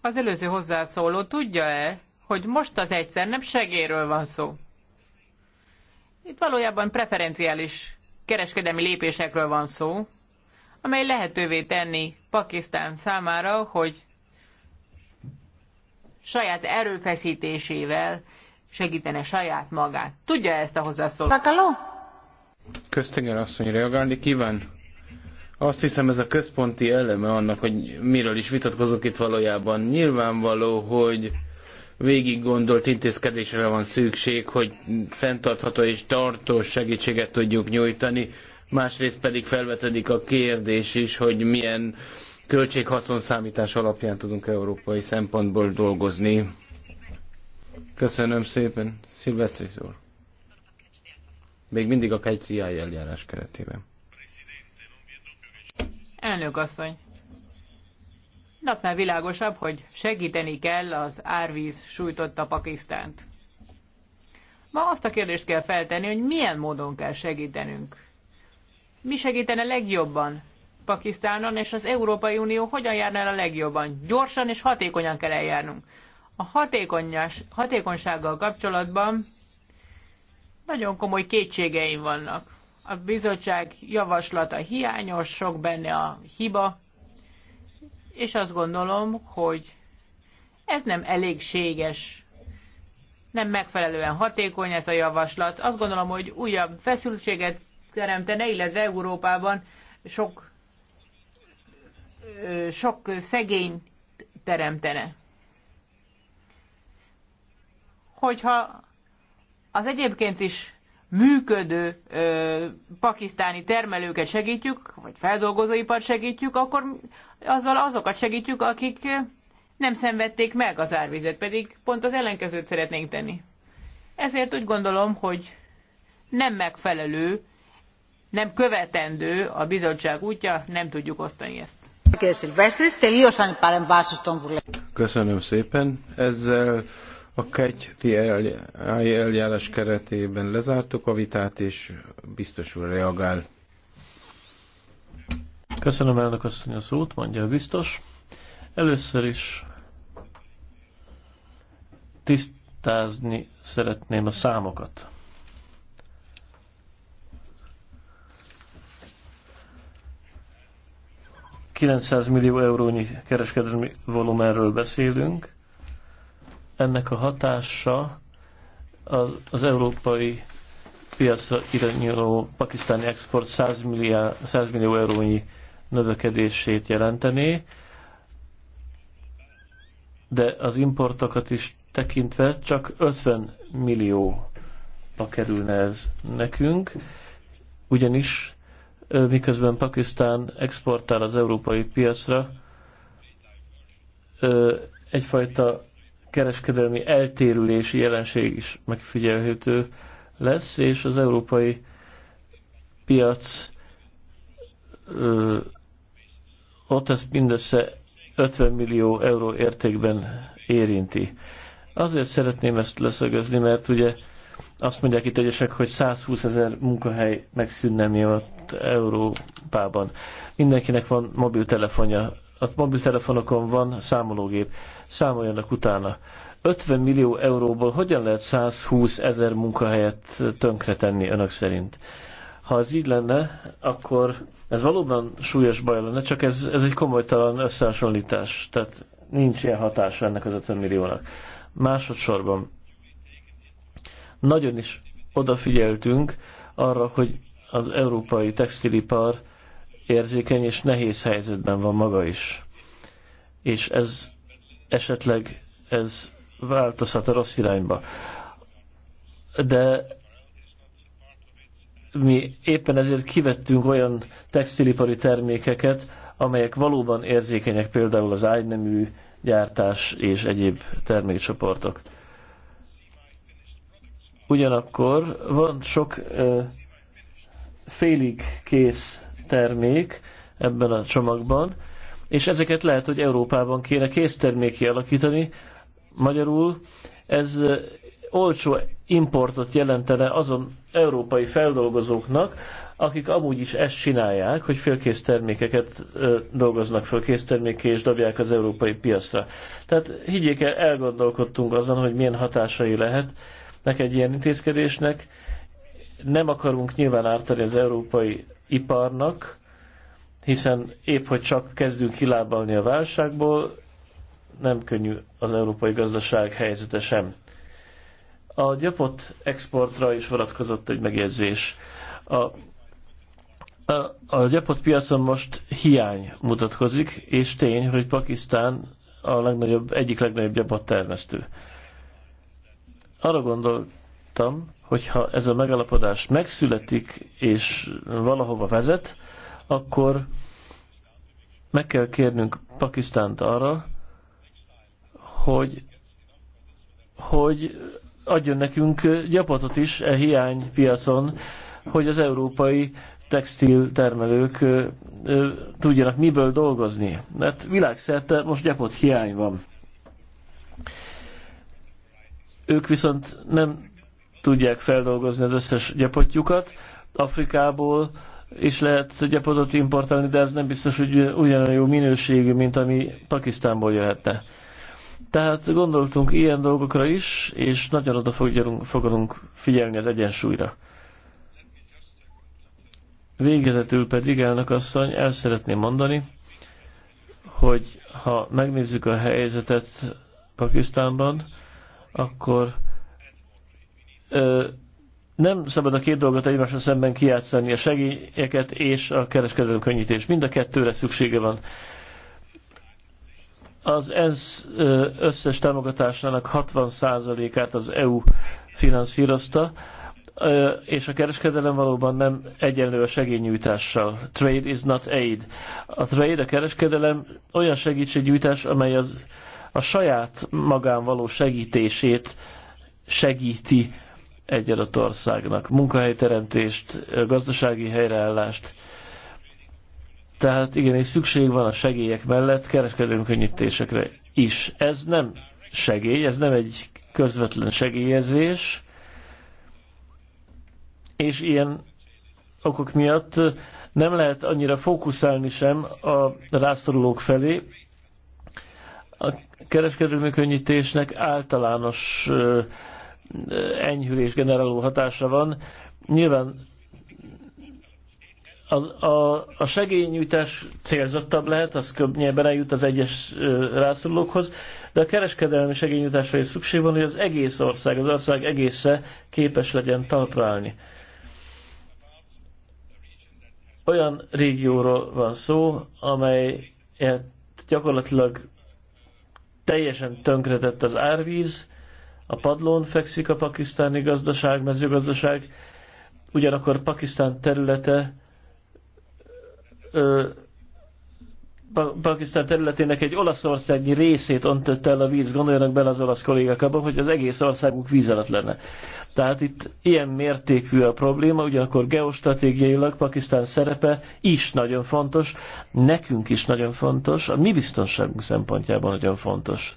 az előző hozzászóló tudja-e, hogy most az egyszer nem segéről van szó? Itt valójában preferenciális kereskedelmi lépésekről van szó, amely lehetővé tenni Pakisztán számára, hogy saját erőfeszítésével segítene saját magát. Tudja ezt a hozzászóló? Bakaló? Köztinger asszony reagálni kíván? Azt hiszem ez a központi eleme annak, hogy miről is vitatkozok itt valójában. Nyilvánvaló, hogy végig gondolt intézkedésre van szükség, hogy fenntartható és tartós segítséget tudjuk nyújtani. Másrészt pedig felvetődik a kérdés is, hogy milyen költséghaszon számítás alapján tudunk európai szempontból dolgozni. Köszönöm szépen, Szilvesztri úr. Még mindig a kegyriáj eljárás keretében. Elnök asszony, napnál világosabb, hogy segíteni kell az árvíz sújtotta Pakisztánt. Ma azt a kérdést kell feltenni, hogy milyen módon kell segítenünk. Mi segítene legjobban Pakisztánon, és az Európai Unió hogyan járna el a legjobban? Gyorsan és hatékonyan kell eljárnunk. A hatékonysággal kapcsolatban nagyon komoly kétségeim vannak. A bizottság javaslata hiányos, sok benne a hiba, és azt gondolom, hogy ez nem elégséges, nem megfelelően hatékony ez a javaslat. Azt gondolom, hogy újabb feszültséget teremtene, illetve Európában sok, sok szegény teremtene. Hogyha az egyébként is működő ö, pakisztáni termelőket segítjük, vagy feldolgozóipart segítjük, akkor azzal azokat segítjük, akik nem szenvedték meg az árvizet, pedig pont az ellenkezőt szeretnénk tenni. Ezért úgy gondolom, hogy nem megfelelő, nem követendő a bizottság útja, nem tudjuk osztani ezt. Köszönöm szépen. Ezzel a kegyti eljárás keretében lezártuk a vitát, és biztosul reagál. Köszönöm elnök asszony a szót, mondja a biztos. Először is tisztázni szeretném a számokat. ...900 millió eurónyi kereskedelmi volumenről beszélünk. Ennek a hatása az, az európai piacra irányuló pakisztáni export 100 millió, 100 millió eurónyi növekedését jelentené, de az importokat is tekintve csak 50 millió kerülne ez nekünk, ugyanis miközben Pakisztán exportál az európai piacra egyfajta kereskedelmi eltérülési jelenség is megfigyelhető lesz, és az európai piac ott ez mindössze 50 millió euró értékben érinti. Azért szeretném ezt leszögezni, mert ugye azt mondják itt egyesek, hogy 120 ezer munkahely megszűnne miatt Európában. Mindenkinek van mobiltelefonja, a mobiltelefonokon van számológép, számoljanak utána. 50 millió euróból hogyan lehet 120 ezer munkahelyet tönkretenni önök szerint? Ha ez így lenne, akkor ez valóban súlyos baj lenne, csak ez, ez egy komolytalan összehasonlítás. Tehát nincs ilyen hatása ennek az 50 milliónak. Másodszorban nagyon is odafigyeltünk arra, hogy az európai textilipar érzékeny és nehéz helyzetben van maga is. És ez esetleg ez változhat a rossz irányba. De mi éppen ezért kivettünk olyan textilipari termékeket, amelyek valóban érzékenyek, például az ágynemű gyártás és egyéb termékcsoportok. Ugyanakkor van sok uh, félig kész termék ebben a csomagban, és ezeket lehet, hogy Európában kéne termék alakítani. Magyarul ez olcsó importot jelentene azon európai feldolgozóknak, akik amúgy is ezt csinálják, hogy félkész termékeket ö, dolgoznak föl, készterméké és dobják az európai piacra. Tehát higgyék el, elgondolkodtunk azon, hogy milyen hatásai lehetnek egy ilyen intézkedésnek. Nem akarunk nyilván ártani az európai iparnak, hiszen épp, hogy csak kezdünk kilábalni a válságból, nem könnyű az európai gazdaság helyzete sem. A gyapott exportra is vonatkozott egy megjegyzés. A, a, a gyapott piacon most hiány mutatkozik, és tény, hogy Pakisztán a legnagyobb, egyik legnagyobb gyapott termesztő. Arra gondoltam, hogyha ez a megalapodás megszületik és valahova vezet, akkor meg kell kérnünk Pakisztánt arra, hogy, hogy adjon nekünk gyapotot is e hiány piacon, hogy az európai textil termelők tudjanak miből dolgozni. Mert világszerte most gyapot hiány van. Ők viszont nem tudják feldolgozni az összes gyapotjukat. Afrikából is lehet gyapotot importálni, de ez nem biztos, hogy ugyanolyan jó minőségű, mint ami Pakisztánból jöhetne. Tehát gondoltunk ilyen dolgokra is, és nagyon oda fogunk figyelni az egyensúlyra. Végezetül pedig, elnök asszony, el szeretném mondani, hogy ha megnézzük a helyzetet Pakisztánban, akkor ö, nem szabad a két dolgot egymással szemben kiátszani, a segélyeket és a kereskedelmi könnyítés. Mind a kettőre szüksége van az ENSZ összes támogatásának 60%-át az EU finanszírozta, és a kereskedelem valóban nem egyenlő a segélynyújtással. Trade is not aid. A trade, a kereskedelem olyan segítségnyújtás, amely az, a saját magán való segítését segíti egy adott országnak. Munkahelyteremtést, gazdasági helyreállást, tehát igenis szükség van a segélyek mellett kereskedelmi könnyítésekre is. Ez nem segély, ez nem egy közvetlen segélyezés, és ilyen okok miatt nem lehet annyira fókuszálni sem a rászorulók felé. A kereskedelmi könnyítésnek általános enyhülés generáló hatása van. Nyilván a, a, a segélynyújtás célzottabb lehet, az könnyebben eljut az egyes rászorulókhoz, de a kereskedelmi segélynyújtásra is szükség van, hogy az egész ország, az ország egésze képes legyen talpra állni. Olyan régióról van szó, amely gyakorlatilag teljesen tönkretett az árvíz, a padlón fekszik a pakisztáni gazdaság, mezőgazdaság, ugyanakkor Pakisztán területe Pakisztán területének egy olaszországi részét öntött el a víz, gondoljanak bele az olasz kollégák abban, hogy az egész országuk víz alatt lenne. Tehát itt ilyen mértékű a probléma, ugyanakkor geostratégiailag Pakisztán szerepe is nagyon fontos, nekünk is nagyon fontos, a mi biztonságunk szempontjában nagyon fontos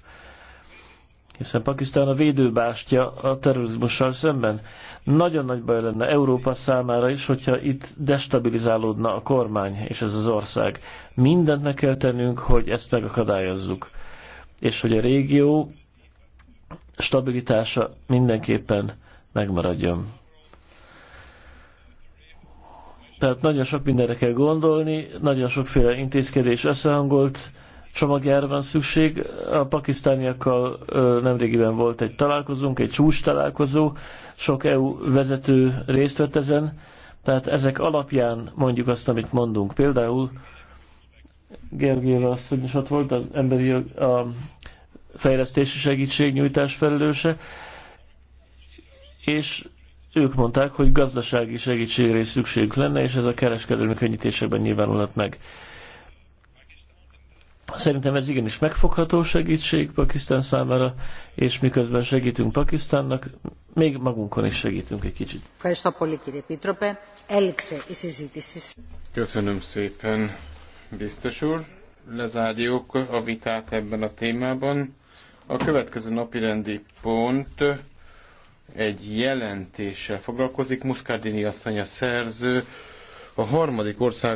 hiszen Pakisztán a védőbástya a terrorizmussal szemben. Nagyon nagy baj lenne Európa számára is, hogyha itt destabilizálódna a kormány és ez az ország. Mindent meg kell tennünk, hogy ezt megakadályozzuk. És hogy a régió stabilitása mindenképpen megmaradjon. Tehát nagyon sok mindenre kell gondolni, nagyon sokféle intézkedés összehangolt, csomagjára van szükség. A pakisztániakkal nemrégiben volt egy találkozunk egy csúcs találkozó, sok EU vezető részt vett ezen, tehát ezek alapján mondjuk azt, amit mondunk. Például Gergéva asszony is ott volt, az emberi a fejlesztési segítségnyújtás felelőse, és ők mondták, hogy gazdasági segítségre is szükségük lenne, és ez a kereskedelmi könnyítésekben nyilvánulhat meg. Szerintem ez igenis megfogható segítség Pakisztán számára, és miközben segítünk Pakisztánnak, még magunkon is segítünk egy kicsit. Köszönöm szépen, biztos úr. Lezárjuk a vitát ebben a témában. A következő napi rendi pont egy jelentéssel foglalkozik. Muscardini asszony a szerző. A harmadik ország